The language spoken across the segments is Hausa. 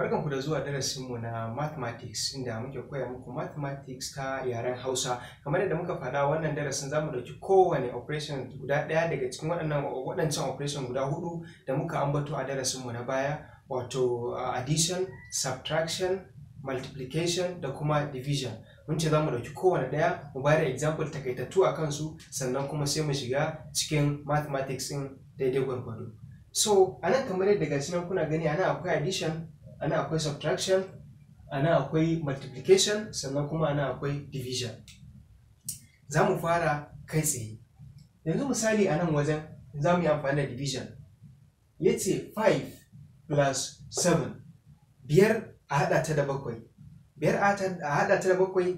Barkanku da zuwa darasinmu na mathematics inda muke koya muku mathematics ta yaren Hausa. Kamar yadda muka faɗa wannan darasin za mu ɗauki kowane operation guda ɗaya daga cikin waɗannan waɗancan operation guda hudu da muka ambato a darasinmu na baya wato addition, subtraction, multiplication da kuma division. Mun ce za mu ɗauki kowane ɗaya mu bayar example takaitattu a kansu sannan kuma sai mu shiga cikin mathematics ɗin daidai gwargwado. So, a nan kamar yadda gashi nan kuna gani anan akwai addition ana akwai subtraction ana akwai multiplication sannan kuma ana akwai division za mu fara kai tsaye yanzu misali a nan wajen za mu yi amfani da division ya ce 5 plus 7 biyar a haɗa ta da bakwai biyar a haɗa ta da bakwai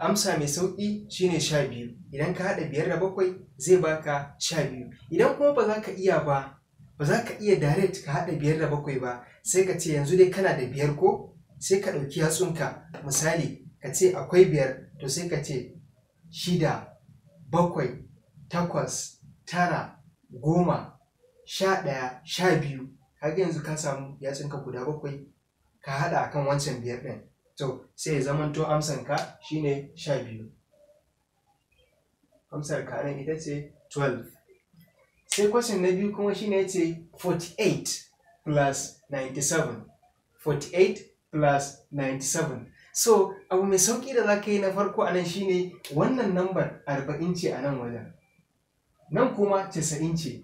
amsa mai sauƙi shine sha biyu idan ka haɗa biyar da bakwai zai baka sha biyu idan kuma ba za ka iya ba ba za ka iya direct ka haɗa biyar da bakwai ba sai ka ce yanzu dai kana da biyar ko sai ka ɗauki yatsunka misali ka ce akwai biyar to sai ka ce shida bakwai takwas tara goma sha ɗaya sha biyu kaga yanzu ka samu yatsunka guda bakwai ka haɗa akan wancan biyar ɗin to sai ya zamanto amsanka shine sha biyu amsar ka ita ce 12 sai question na biyu kuma shine yace 48 plus 97 48 plus 97 so abu mai sauki da za ka yi na farko a nan shine wannan nambar 40 ce a nan wajen nan kuma 90 ce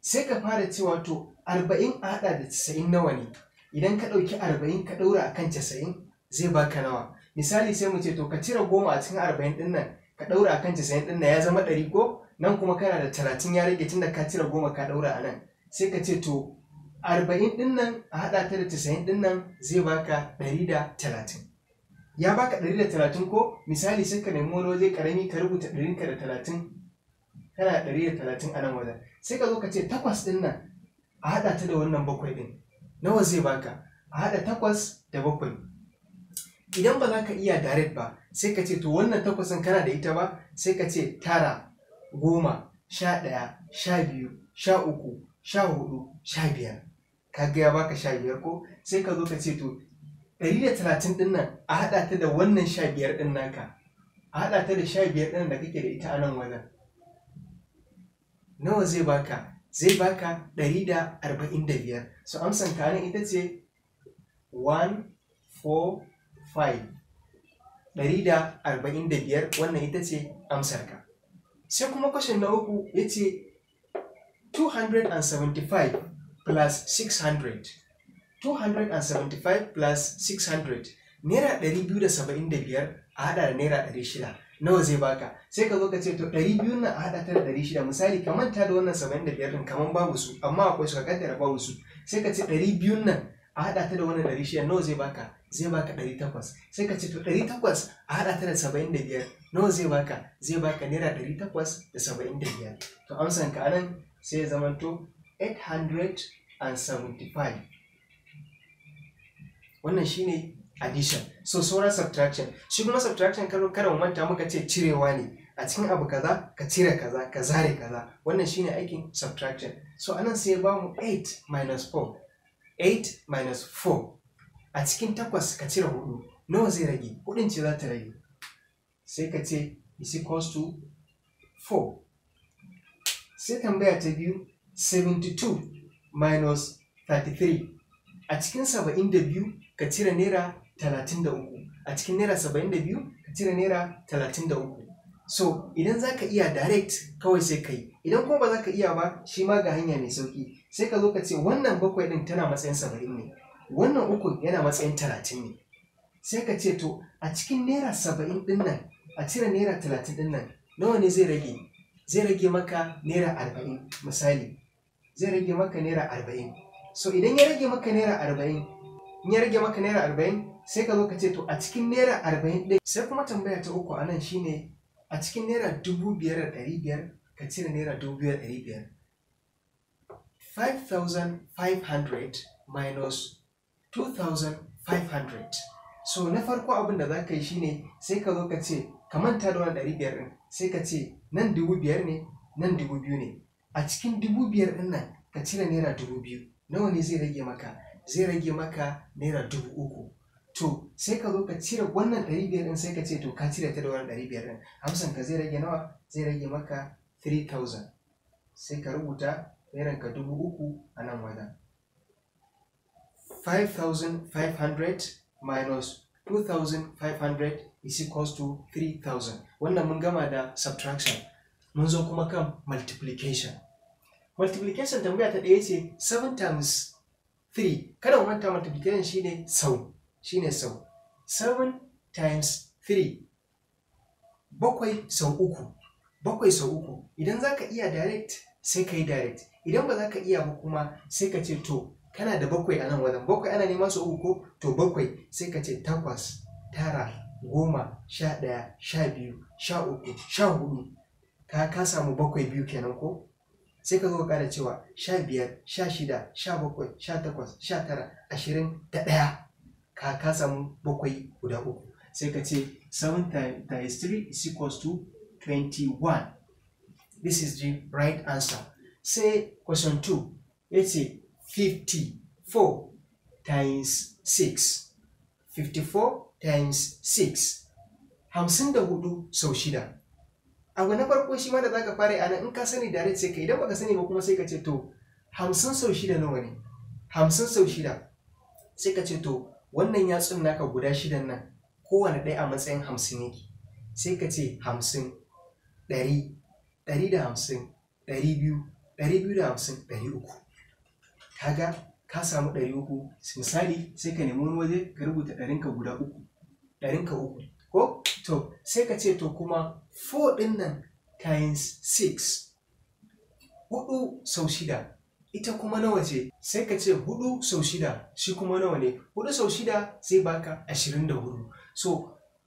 sai ka fara cewa to 40 a hada da 90 nawa ne idan ka ɗauki 40 ka ɗaura a kan 90 zai baka nawa misali sai mu ce to ka cire goma a cikin 40 ɗin nan ka ɗaura a kan 90 ɗin nan ya zama 100 ko nan kuma kana da talatin ya rage tunda ka cire goma ka daura a nan sai ka ce to arba'in din nan a haɗa ta da tasa'in din nan zai baka ɗari da talatin ya baka ɗari da talatin ko misali sai ka nemi wani waje ƙarami ka rubuta ɗarinka da talatin kana da ɗari da talatin a nan wajen sai ka zo ka ce takwas din nan a haɗa ta da wannan bakwai din nawa zai baka a haɗa takwas da bakwai idan ba za ka iya direct ba sai ka ce to wannan takwasin kana da ita ba sai ka ce tara goma, sha ɗaya, sha biyu, sha uku, sha hudu, sha biyar. Ka gaya ya baka sha biyar ko? Sai ka zo ka ce to ɗari da talatin ɗin nan a haɗa ta da wannan sha biyar ɗin naka. A haɗa ta da sha biyar ɗin da kake da ita a nan wajen. Nawa zai baka? Zai baka ɗari da arba'in da biyar. So amsan ka nan ita ce one four five. Ɗari da arba'in da biyar wannan ita ce amsarka. sai kuma kwashin na uku ya ce 275 plus 600 275 plus 600 naira 275 a hada da naira 600 nawa zai baka sai ka zo ka ce to 200 na a hada ta da 600 misali ka manta da wannan 75 din kaman babu su amma akwai su ka kaddara babu su sai ka ce 200 nan a hada ta da wannan 600 nawa zai baka zai baka 800 sai ka ce to 800 a hada ta da biyar. nawa zai baka zai baka naira ɗari takwas da saba'in da biyar to amsan ka anan sai ya zamanto 875 wannan shine addition so sauran subtraction shi kuma subtraction karo mu manta muka ce cirewa ne a cikin abu kaza ka cire kaza ka zare kaza wannan shine aikin subtraction so anan sai ya bamu 8 minus 4 8 minus 4 a cikin takwas ka cire hudu nawa zai rage hudun ce za ta rage sai kace is equals to 4 sai tambaya ta biyu 72 minus 33 a cikin 72 ka cire naira 33 a cikin naira 72 ka cire naira uku. so idan za ka iya direct kawai sai ka yi idan kuma ba za ka iya ba shi ma ga hanya mai sauki sai ka zo ka ce wannan bakwai ɗin tana matsayin 70 ne wannan ukun yana matsayin talatin ne sai ka ce to a cikin naira saba'in a cire naira talatin ɗin nan nawa ne zai rage zai rage maka naira arba'in misali zai rage maka naira arba'in so idan ya rage maka naira arba'in in ya rage maka naira arba'in sai ka zo ka ce to a cikin naira arba'in ɗin sai kuma tambaya ta uku a nan shine a cikin naira dubu biyar da ɗari biyar ka cire naira dubu biyar da ɗari biyar 5,500 minus 2,500 so na farko abin da za ka yi shine sai ka zo ka ce kamar ta da wani ɗari biyar ɗin sai ka ce nan dubu biyar ne nan dubu biyu ne a cikin dubu biyar ɗin nan ka cire naira dubu biyu nawa ne zai rage maka zai rage maka naira dubu uku to sai ka zo ka cire wannan ɗari biyar ɗin sai ka ce to ka cire ta da wani ɗari biyar ɗin hamsin ka zai rage nawa zai rage maka 3000 sai ka rubuta nairan ka dubu uku a nan wajen 5500 minus 2500 is equals to 3000 wannan mun gama da subtraction mun zo kuma kan multiplication multiplication tambaya ta ɗaya ce 7 times 3 kada manta multiplication shine sau shine sau 7 times 3 bakwai sau uku bakwai sau uku idan za ka iya direct sai ka yi direct idan ba za ka iya ba kuma sai ka ce to kana da bakwai a nan wajen bakwai ana neman sau uku ko to bakwai sai ka ce takwas tara goma sha ɗaya sha biyu sha uku sha hudu ka ka samu bakwai biyu kenan ko sai ka zo ƙara cewa sha biyar sha shida sha bakwai sha takwas sha tara ashirin da ɗaya ka ka samu bakwai guda uku sai ka ce 7 times 3 is equals to 21 this is the right answer say question 2 let's say 54 times 6 54 times 6 hamsin da hudu sau shida abu na farko shi ma da za ka fara yana in ka sani da sai ka idan baka sani ba kuma sai ka ce to hamsin sau shida nawa ne hamsin sau shida sai ka ce to wannan yatsun naka guda shidan nan kowane ɗaya a matsayin hamsin ne. sai ka ce hamsin ɗari ɗari da hamsin ɗari biyu ɗari biyu da hamsin ɗari uku kaga ka samu ɗari uku misali sai ka nemi wani waje ka rubuta ɗarinka guda uku ɗarinka uku ko to sai ka ce to kuma 4 ɗin nan times 6 hudu sau shida ita kuma nawa ce sai ka ce hudu sau shida shi kuma nawa ne hudu sau shida zai baka ashirin da hudu so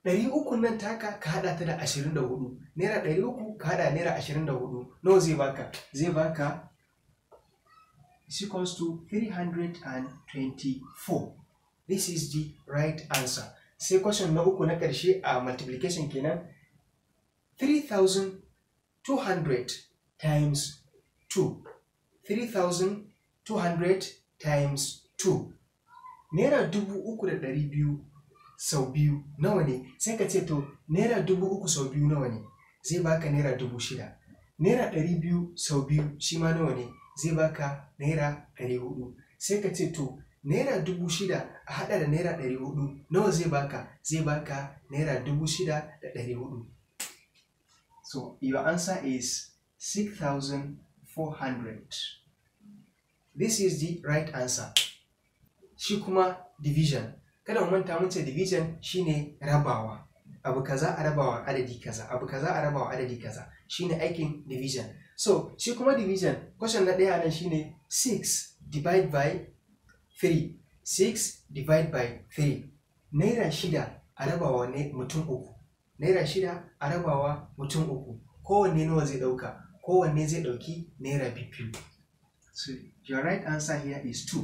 ɗari uku nan taka ka haɗa ta da ashirin da hudu naira ɗari uku ka haɗa naira ashirin da hudu nawa zai baka zai baka is equals to 324 this is the right answer sai question na uku na ƙarshe a multiplication kenan 3200 times 2 3200 times 2 naira dubu uku da ɗari biyu sau biyu nawa ne sai ka ce to naira dubu uku sau biyu nawa ne zai baka naira dubu shida naira ɗari biyu sau biyu shi ma nawa ne zai baka naira ɗari hudu sai ka ce to naira dubu shida a hada da naira ɗari hudu nawa zai baka zai baka naira dubu shida da ɗari hudu so your answer is 6400 this is the right answer shi kuma division kada mu manta mun ce division shine rabawa abu kaza a rabawa adadi kaza abu kaza a rabawa adadi kaza shine aikin division so shi kuma division question na daya nan shine 6 divide by 3 6 divide by 3 naira shida a rabawa mutum uku naira shida a rabawa mutum uku kowanne nawa zai dauka kowanne zai dauki naira biyu so your right answer here is 2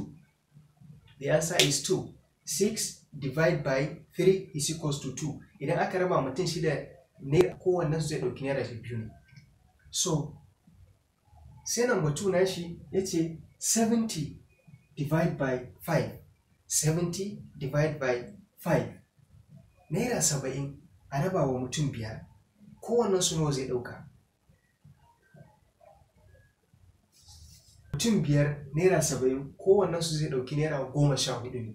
the answer is 2 6 divided by 3 is equals to 2 idan aka raba mutum shida ne kowannen su zai dauki naira biyu ne so sai number 2 na shi ya ce 70 divided by 5 70 divided by 5 naira saba'in a raba wa mutum biyar kowannen su nawa zai dauka mutum biyar naira saba'in kowannen su zai dauki naira goma sha hudu ne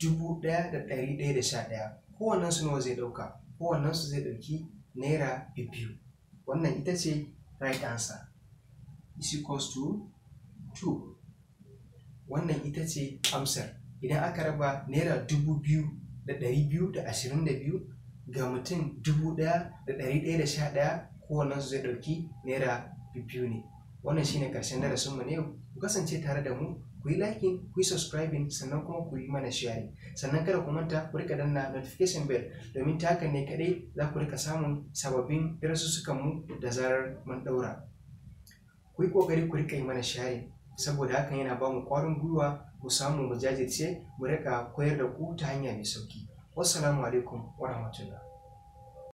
dubu ɗaya da ɗari ɗaya da sha ɗaya kowannen su nawa zai ɗauka kowannen su zai ɗauki naira biyu wannan ita ce right answer is equals to 2 wannan ita ce amsar idan aka raba naira dubu biyu da ɗari biyu da ashirin da biyu ga mutum dubu ɗaya da ɗari ɗaya da sha ɗaya kowannen su zai ɗauki naira biyu ne wannan shine ƙarshen darasinmu ne ku kasance tare da mu ku yi liking ku yi subscribing sannan kuma ku yi mana sharing sannan kada ku manta ku rika danna notification bell domin ta hakan ne kaɗai za ku rika samun sababbin suka mu da zarar mun ɗaura ku yi ƙoƙari ku rika yi mana sharing saboda hakan yana ba mu ƙwarin gwiwa ku samu mu jajirce mu rika koyar da ku ta hanya mai sauki wassalamu alaikum wa rahmatullah